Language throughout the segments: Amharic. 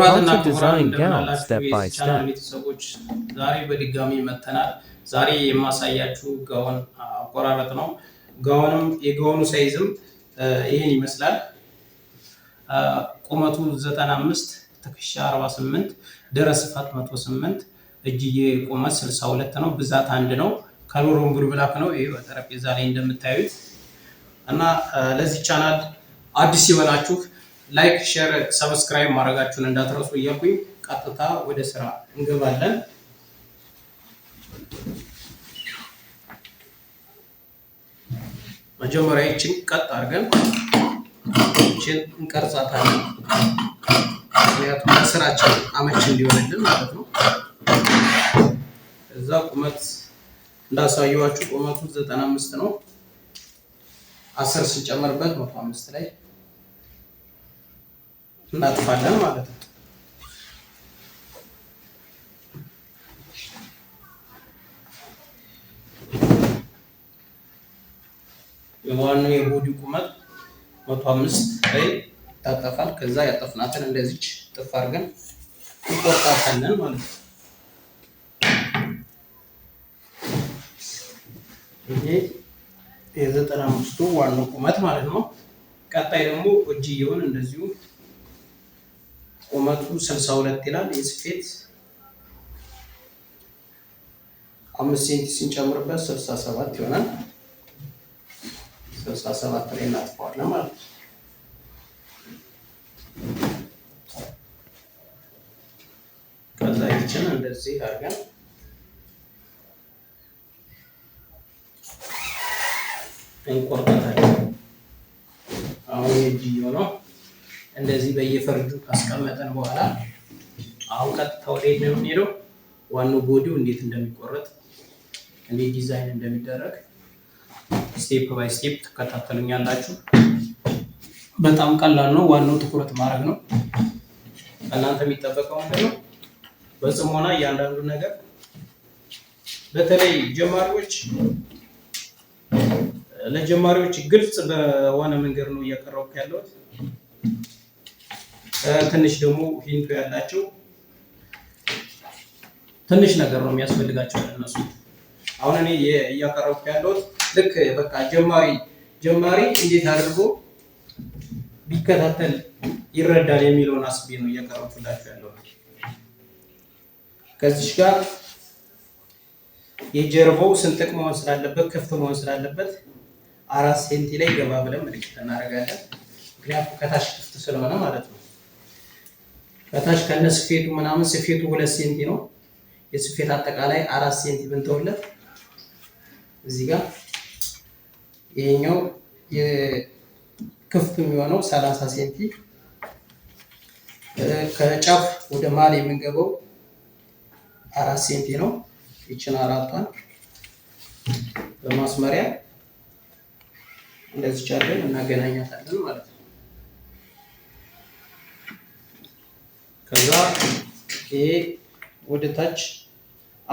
ቤተሰቦች ዛሬ በድጋሚ መተናል። ዛሬ የማሳያችሁ ጋውን አቆራረጥ ነው። ጋውንም የጋውኑ ሳይዝም ይህን ይመስላል። ቁመቱ 95 ትከሻ 48 ደረስ ስፋት 108 እጅዬ ቁመት 62 ነው። ብዛት አንድ ነው። ከሎሮን ብላክ ነው። ይሄ ጠረጴዛ ላይ እንደምታዩት እና ለዚህ ቻናል አዲስ ይሆናችሁ ላይክ፣ ሼር፣ ሰብስክራይብ ማድረጋችሁን እንዳትረሱ እያልኩኝ ቀጥታ ወደ ስራ እንገባለን። መጀመሪያ ይችን ቀጥ አድርገን ይችን እንቀርጻታለን። ምክንያቱም ለስራችን አመች እንዲሆንልን ማለት ነው። እዛ ቁመት እንዳሳየዋችሁ ቁመቱ ዘጠና አምስት ነው። አስር ስንጨምርበት መቶ አምስት ላይ እናጥፋለን ማለት ነው። የዋናው የቦዲ ቁመት መቶ አምስት ላይ ይታጠፋል ከዛ ያጠፍናትን እንደዚች ጥፍ አድርገን እንቆርጣታለን ማለት ነው። ይሄ የዘጠና አምስቱ ዋናው ቁመት ማለት ነው። ቀጣይ ደግሞ እጅየውን እንደዚሁ ቁመቱ 62 ይላል። የስፌት አምስት ሴንቲ ስንጨምርበት 67 ይሆናል። 67 ላይ እናጥፈዋለን ማለት ነው። ከዛ ይችን እንደዚህ አድርገን እንቆርጣታለን። አሁን የእጅየው ነው እንደዚህ በየፈርጁ ካስቀመጠን በኋላ አሁን ቀጥታ ወዴት ነው የምንሄደው? ዋናው ቦዲው እንዴት እንደሚቆረጥ እንዴት ዲዛይን እንደሚደረግ ስቴፕ ባይ ስቴፕ ትከታተሉኛላችሁ። በጣም ቀላል ነው። ዋናው ትኩረት ማድረግ ነው። እናንተ የሚጠበቀው ነው? በጽሞና እያንዳንዱ ነገር በተለይ ጀማሪዎች ለጀማሪዎች ግልጽ በሆነ መንገድ ነው እያቀረብኩ ያለሁት። ትንሽ ደግሞ ሂንቱ ያላቸው ትንሽ ነገር ነው የሚያስፈልጋቸው ለነሱ። አሁን እኔ እያቀረብኩ ያለሁት ልክ በቃ ጀማሪ ጀማሪ እንዴት አድርጎ ቢከታተል ይረዳል የሚለውን አስቤ ነው እያቀረብኩላችሁ ያለሁት። ከዚች ጋር የጀርባው ስንጥቅ መሆን ስላለበት ክፍት መሆን ስላለበት አራት ሴንቲ ላይ ገባ ብለን ምልክት እናደርጋለን። ምክንያቱም ከታች ክፍት ስለሆነ ማለት ነው። ከታች ከነ ስፌቱ ምናምን ስፌቱ ሁለት ሴንቲ ነው። የስፌት አጠቃላይ አራት ሴንቲ ብንተውለት እዚህ ጋር ይሄኛው የክፍቱ የሚሆነው ሰላሳ ሴንቲ ከጫፍ ወደ መሀል የምንገባው አራት ሴንቲ ነው። ይችን አራቷን በማስመሪያ እንደዚህ ቻለን እናገናኛታለን ማለት ነው። ከዛ ይሄ ወደ ታች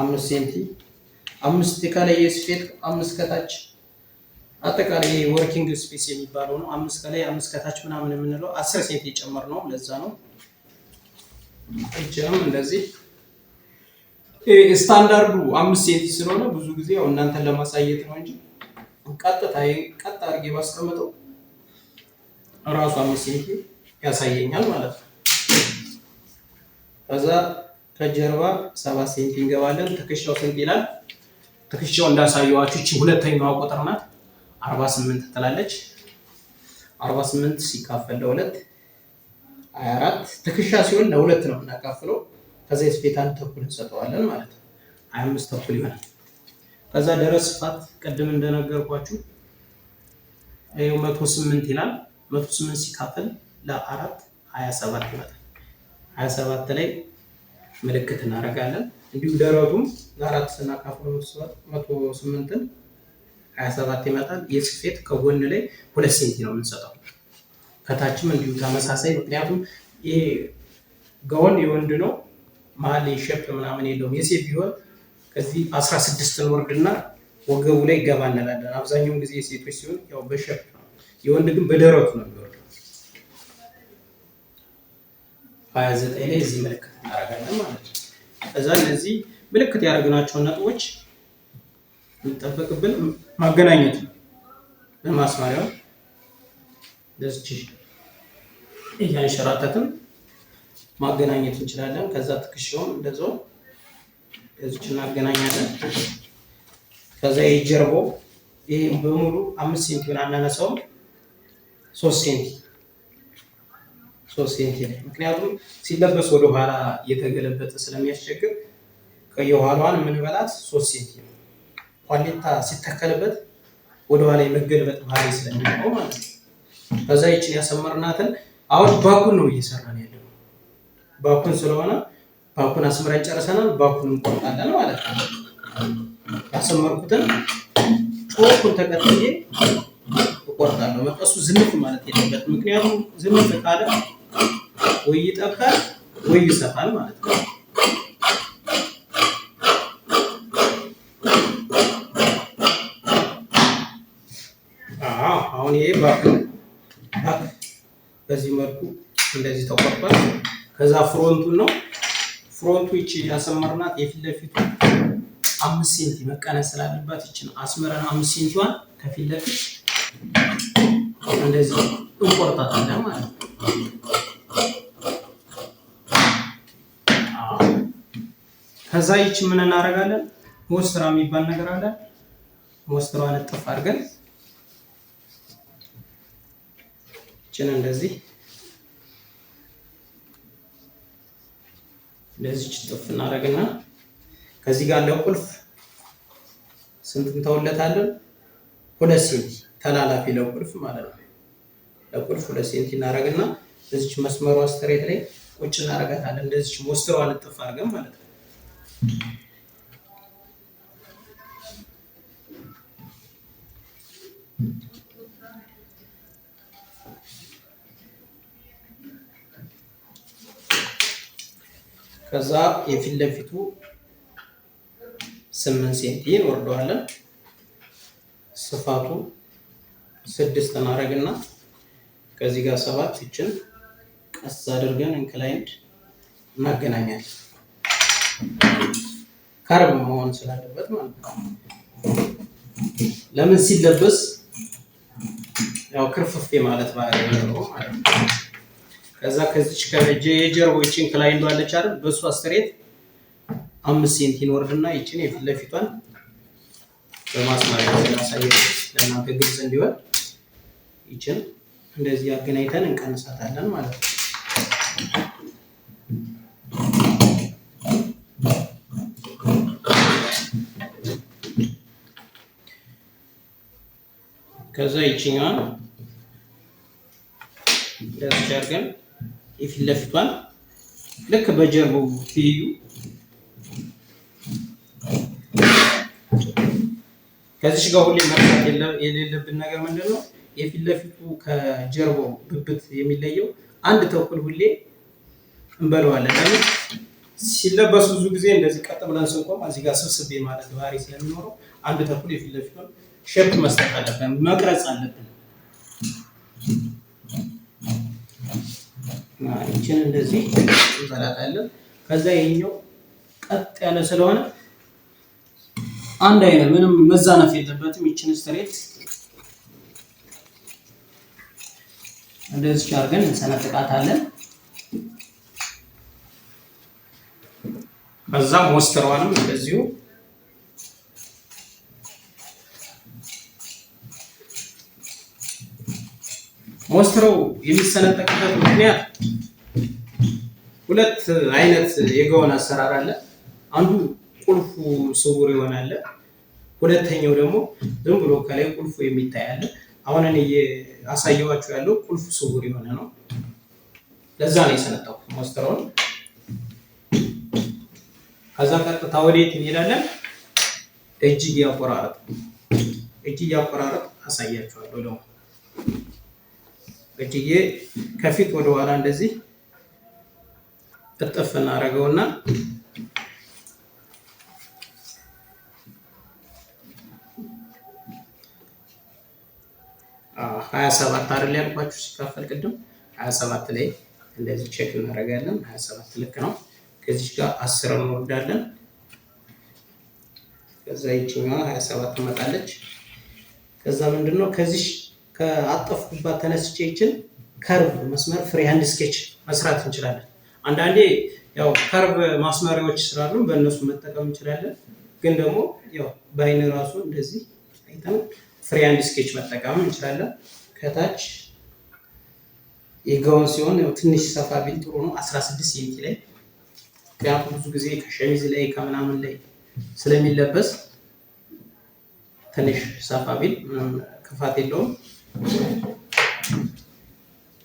አምስት ሴንቲ አምስት ከላይ የስፌት አምስት ከታች አጠቃላይ ወርኪንግ ስፔስ የሚባለው ነው። አምስት ከላይ አምስት ከታች ምናምን የምንለው አስር ሴንቲ ጨምር ነው። ለዛ ነው እጅም እንደዚህ ስታንዳርዱ አምስት ሴንቲ ስለሆነ ብዙ ጊዜ ያው እናንተን ለማሳየት ነው እንጂ ቀጥታ ቀጥ አድርጌ ባስቀምጠው እራሱ አምስት ሴንቲ ያሳየኛል ማለት ነው። ከዛ ከጀርባ ሰባት ሴንቲ እንገባለን። ትከሻው ስንት ይላል? ትከሻው እንዳሳየዋችሁ እቺ ሁለተኛዋ ቁጥር ናት። 48 ትላለች። 48 ሲካፈል ለሁለት 24 ትከሻ ሲሆን ለሁለት ነው እናካፍለው። ከዛ የስፌት አንድ ተኩል እንሰጠዋለን ማለት ነው። 25 ተኩል ይሆናል። ከዛ ደረስ ስፋት ቅድም እንደነገርኳችሁ ይኸው 108 ይላል። 108 ሲካፈል ለአራት 27 ይመጣል። 27 ላይ ምልክት እናደርጋለን። እንዲሁም ደረቱም ለአራት ስናካፍለው 108ን 27 ይመጣል። የስፌት ከጎን ላይ ሁለት ሴንቲ ነው የምንሰጠው። ከታችም እንዲሁ ተመሳሳይ፣ ምክንያቱም ይሄ ጋውን የወንድ ነው፣ መሀል ሸፕ ምናምን የለውም። የሴት ቢሆን ከዚህ 16ን ወርድና ወገቡ ላይ ገባ እንላለን። አብዛኛውን ጊዜ የሴቶች ሲሆን ያው በሸፕ ነው፣ የወንድ ግን በደረቱ ነው። 29 ላይ እዚህ ምልክት እናደርጋለን ማለት ነው። ከዛ እነዚህ ምልክት ያደረግናቸውን ነጥቦች የሚጠበቅብን ማገናኘት ነው። ለማስማሪያው ለዚች እያንሸራተትም ማገናኘት እንችላለን። ከዛ ትከሻውን እንደዛው እናገናኛለን። ከዛ የጀርባው ይህ በሙሉ አምስት ሴንቲ ብናነሳው ሶስት ሴንቲ ሶስት ሴንቲሜትር ምክንያቱም ሲለበስ ወደኋላ እየተገለበጠ ስለሚያስቸግር የኋላዋን የምንበላት ሶስት ሴንቲሜትር ኳሌታ ሲተከልበት ወደኋላ የመገልበጥ ባህሪ ስለሚኖረው ማለት ነው። ከዛ ይችን ያሰመርናትን አሁን ባኩን ነው እየሰራን ያለው ባኩን ስለሆነ ባኩን አስምረን ጨርሰናል። ባኩን እንቆርጣለን ማለት ነው። ያሰመርኩትን ጮኩን ተቀጥዬ እቆርጣለሁ። መቀሱ ዝንፍ ማለት የለበትም፣ ምክንያቱም ዝንፍ ካለ ወይ ይጠባል ወይ ይሰፋል ማለት ነው። አሁን ይሄ በዚህ መልኩ እንደዚህ ተቆርጧል። ከዛ ፍሮንቱን ነው ፍሮንቱ ይቺ ያሰመርናት የፊት ለፊቱ አምስት ሴንቲ መቀነስ ስላለባት ይችን አስመረን አምስት ሴንቲዋን ከፊት ለፊት እንደዚህ እንቆርጣታለን ማለት ነው። ከዛ ይች ምን እናደርጋለን? ሞስትራ የሚባል ነገር አለ። ወስትሯን እጥፍ አድርገን ጭን እንደዚህ እንደዚህ ጥፍ እናደርግና ከዚህ ጋር ለቁልፍ ስንት እንተውለታለን? ሁለት ሴንቲ ተላላፊ ለቁልፍ ማለት ነው። ለቁልፍ ሁለት ሴንቲ እናደርግና እዚች መስመሯ ስትሬት ላይ ቁጭ እናደርጋታለን። እንደዚች ወስትሯን እጥፍ አድርገን ማለት ነው። ከዛ የፊት ለፊቱ ስምንት ሴንቲ እንወርደዋለን። ስፋቱ ስድስት እናደርግና ከዚህ ጋር ሰባት ይችን ቀስ አድርገን እንክላይንድ እናገናኛለን። ከርብ መሆን ስላለበት ማለት ነው። ለምን ሲለበስ ያው ክርፍፍ ማለት ባህሪ ነው ማለት ነው። ከዛ ከዚች ከጀ የጀርቦችን ከላይ እንዳለች አይደል በሱ አስተሬት አምስት ሴንቲ ይኖርድና ይችን የፊት ለፊቷን በማስማሪያ ስላሳየች ለእናንተ ግልጽ እንዲሆን ይችን እንደዚህ አገናኝተን እንቀንሳታለን ማለት ነው። ከዛ ይችኛዋን ደስ አድርገን የፊት ለፊቷን ልክ በጀርባው ትይዩ ከዚች ጋር ሁሌ መርሳት የሌለብን ነገር ምንድን ነው? የፊት ለፊቱ ከጀርባው ብብት የሚለየው አንድ ተኩል ሁሌ እንበለዋለን። ለምን ሲለበሱ ብዙ ጊዜ እንደዚህ ቀጥ ብለን ስንቆም እዚህ ጋር ስብስቤ ማለት ባህሪ ስለሚኖረው አንድ ተኩል የፊት ለፊቱን ሼፕ መስጠት አለብን፣ መቅረጽ አለብን። ይችን እንደዚህ እንበላታለን። ከዛ ይሄኛው ቀጥ ያለ ስለሆነ አንድ አይነት ምንም መዛነፍ የለበትም። ይችን ስትሬት እንደዚህ አድርገን እንሰነጥቃታለን። ከዛም ሞስተሯንም እንደዚሁ ሞስትሮ የሚሰነጠቅበት ምክንያት ሁለት አይነት የገወን አሰራር አለ። አንዱ ቁልፉ ስውር ይሆናል። ሁለተኛው ደግሞ ዝም ብሎ ከላይ ቁልፉ የሚታይ አለ። አሁን እኔ ያለው ቁልፉ ስውር የሆነ ነው። ለዛ ነው የሰነጠኩት ሞስትሮውን። ከዛ ቀጥታ ወዴት እንሄዳለን? እጅጌ አቆራረጥ። እጅጌ አቆራረጥ አሳያችኋለሁ ደግሞ ግድዬ ከፊት ወደ ኋላ እንደዚህ እጥፍ እናደርገውና ሀያ ሰባት አይደል ያልኳችሁ ሲካፈል ቅድም ሀያ ሰባት ላይ እንደዚህ ቼክ እናደርጋለን። ሀያ ሰባት ልክ ነው። ከዚች ጋር አስር እንወርዳለን። ከዛ ይችኛዋ ሀያ ሰባት ትመጣለች። ከዛ ምንድን ነው ከዚች ከአጠፍኩባት ተነስቼ ይችን ከርብ መስመር ፍሪሃንድ ስኬች መስራት እንችላለን። አንዳንዴ ያው ከርብ ማስመሪያዎች ስላሉ በእነሱ መጠቀም እንችላለን። ግን ደግሞ ያው በአይን ራሱ እንደዚህ አይተን ፍሪሃንድ ስኬች መጠቀም እንችላለን። ከታች የጋውን ሲሆን ያው ትንሽ ሰፋ ቢል ጥሩ ነው 16 ሴንቲ ላይ ምክንያቱም ብዙ ጊዜ ከሸሚዝ ላይ ከምናምን ላይ ስለሚለበስ ትንሽ ሰፋ ቢል ክፋት የለውም።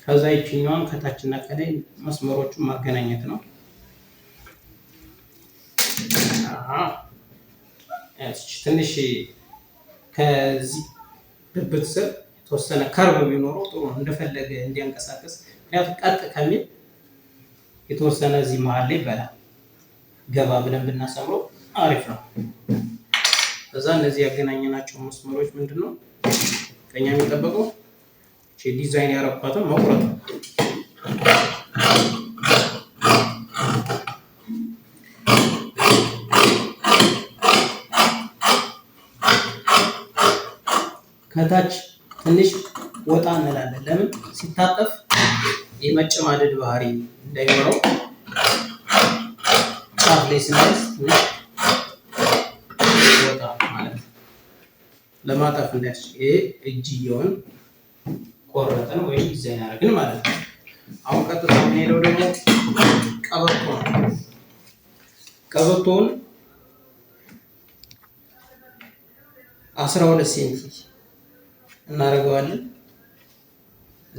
ከዛ ይችኛዋን ከታችና ከላይ መስመሮቹን ማገናኘት ነው። ትንሽ ከዚህ ብብት ስር የተወሰነ ከርብ ቢኖረው ጥሩ ነው፣ እንደፈለገ እንዲያንቀሳቀስ። ምክንያቱም ቀጥ ከሚል የተወሰነ እዚህ መሀል ላይ በላ ገባ ብለን ብናሰምረው አሪፍ ነው። ከዛ እነዚህ ያገናኘናቸው መስመሮች ምንድን ነው? ከኛ የሚጠበቀው ዲዛይን ያረኳትን መቁረጥ ከታች ትንሽ ወጣ እንላለን። ለምን ሲታጠፍ የመጨማደድ ባህሪ እንዳይኖረው ጫፍ ላይ ስናይዝ ትንሽ ለማጠፍ እንዳያስችል ይሄ እጅየውን ቆረጥን ወይም ዲዛይን አደረግን ማለት ነው። አሁን ቀጥታ የምንሄደው ደግሞ ቀበቶ ነው። ቀበቶውን አስራ ሁለት ሴንቲ እናደርገዋለን።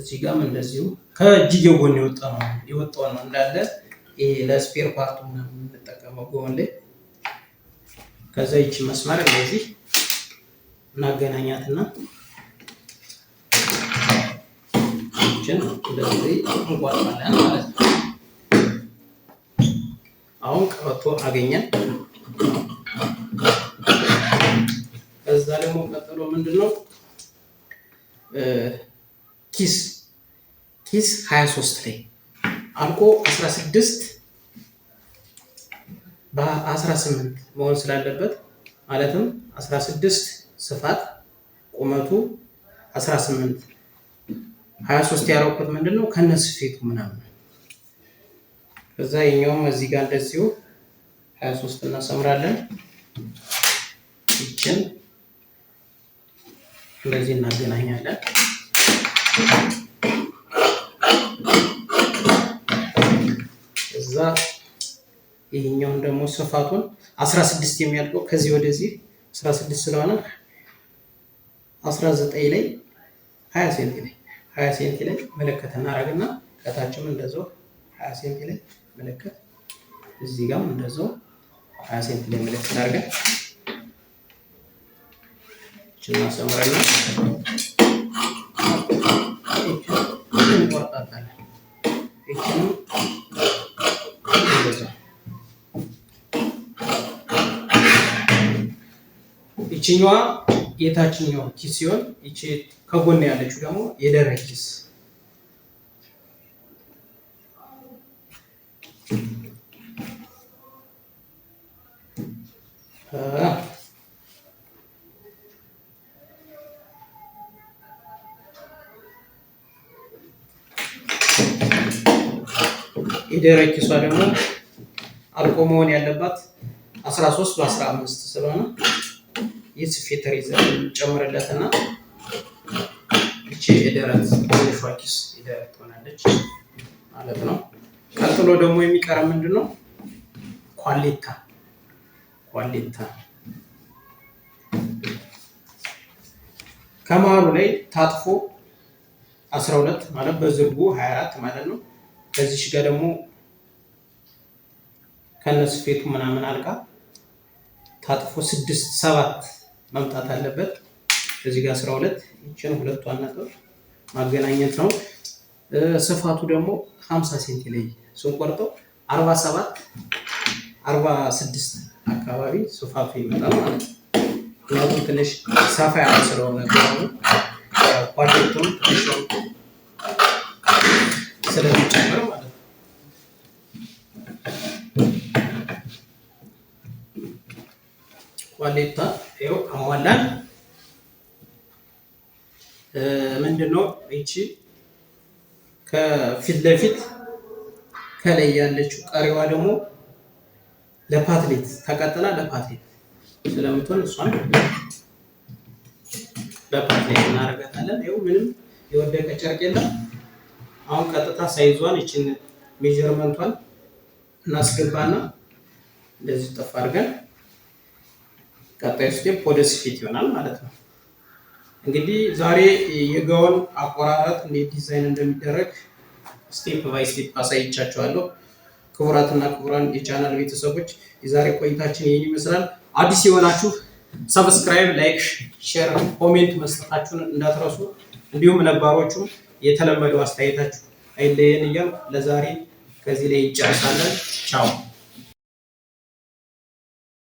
እዚህ ጋርም እንደዚሁ ከእጅየው ጎን የወጣ ነው የወጣው ነው እንዳለ ይሄ ለስፔር ፓርቱ የምንጠቀመው ጎን ላይ ከዛ ይቺ መስመር እንደዚህ እናገናኛትና ችን እንደዚህ እንቋጥራለን ማለት ነው። አሁን ቀበቶ አገኘን። ከዛ ደግሞ ቀጥሎ ምንድነው ኪስ ኪስ 23 ላይ አልቆ 16 በ18 መሆን ስላለበት ማለትም 16 ስፋት ቁመቱ 18 23 ያረኩት ምንድን ነው ከነ ስፌቱ ምናምን። ከዛ የኛውም እዚህ ጋር እንደዚሁ 23 እናሰምራለን። ይችን እንደዚህ እናገናኛለን። እዛ ይህኛውን ደግሞ ስፋቱን 16 የሚያልቀው ከዚህ ወደዚህ 16 ስለሆነ 19 ላይ 20 ሴንቲ ላይ 20 ሴንቲ ላይ ምልክት እናደርግና ከታችም እንደዛው 20 ሴንቲ ላይ ምልክት እዚህ ጋርም እንደዛው 20 ሴንቲ ላይ ምልክት አድርገን እችና ሰምረና እንቆርጣታለን። እችንም እንደዛው ይችኛዋ የታችኛው ኪስ ሲሆን ይቺ ከጎን ያለችው ደግሞ የደረ ኪስ። የደረ ኪሷ ደግሞ አልቆ መሆን ያለባት 13 በ15 ስለሆነ የስፌት ስፌተር ጨምርለት እና እቺ የደረት ትንሿ ኪስ የደረት ትሆናለች ማለት ነው። ቀጥሎ ደግሞ የሚቀረ ምንድን ነው? ኳሌታ ኳሌታ ከመሀሉ ላይ ታጥፎ 12 ማለት በዝርጉ 24 ማለት ነው። ከዚች ጋር ደግሞ ከነስፌቱ ምናምን አልቃ ታጥፎ ስድስት ሰባት መምጣት አለበት። እዚህ ጋር አስራ ሁለት ይችን ሁለቷን ነጥብ ማገናኘት ነው። ስፋቱ ደግሞ 50 ሴንቲ ላይ ስንቆርጠው 47 46 አካባቢ ስፋቱ ይመጣል ማለት ነው። ምክንያቱም ትንሽ ሰፋ ያለ ስለሆነ ኳርቴቱን ትንሽ ስለሚጨምር ማለት ነው። ኳሌታ ይኸው አሟላን። ምንድን ነው ይቺ ከፊት ለፊት ከላይ ያለችው ቀሪዋ ደግሞ ለፓትሌት ተቀጥላ ለፓትሌት ስለምትሆን እሷን ለፓትሌት እናደርጋታለን። ይኸው ምንም የወደቀ ጨርቅ የለም። አሁን ቀጥታ ሳይዟን ይችን ሜጀርመንቷን እናስገባና እንደዚህ ጠፍ አድርገን ቀጣዩ ስቴፕ ወደ ስፌት ይሆናል ማለት ነው። እንግዲህ ዛሬ የጋውን አቆራረጥ እንዴት ዲዛይን እንደሚደረግ ስቴፕ ባይ ስቴፕ አሳይቻችኋለሁ። ክቡራትና ክቡራን የቻናል ቤተሰቦች የዛሬ ቆይታችን ይህን ይመስላል። አዲስ የሆናችሁ ሰብስክራይብ፣ ላይክ፣ ሼር፣ ኮሜንት መስጠታችሁን እንዳትረሱ፣ እንዲሁም ነባሮቹ የተለመደው አስተያየታችሁ አይለየን እያልኩ ለዛሬ ከዚህ ላይ እንጨርሳለን። ቻው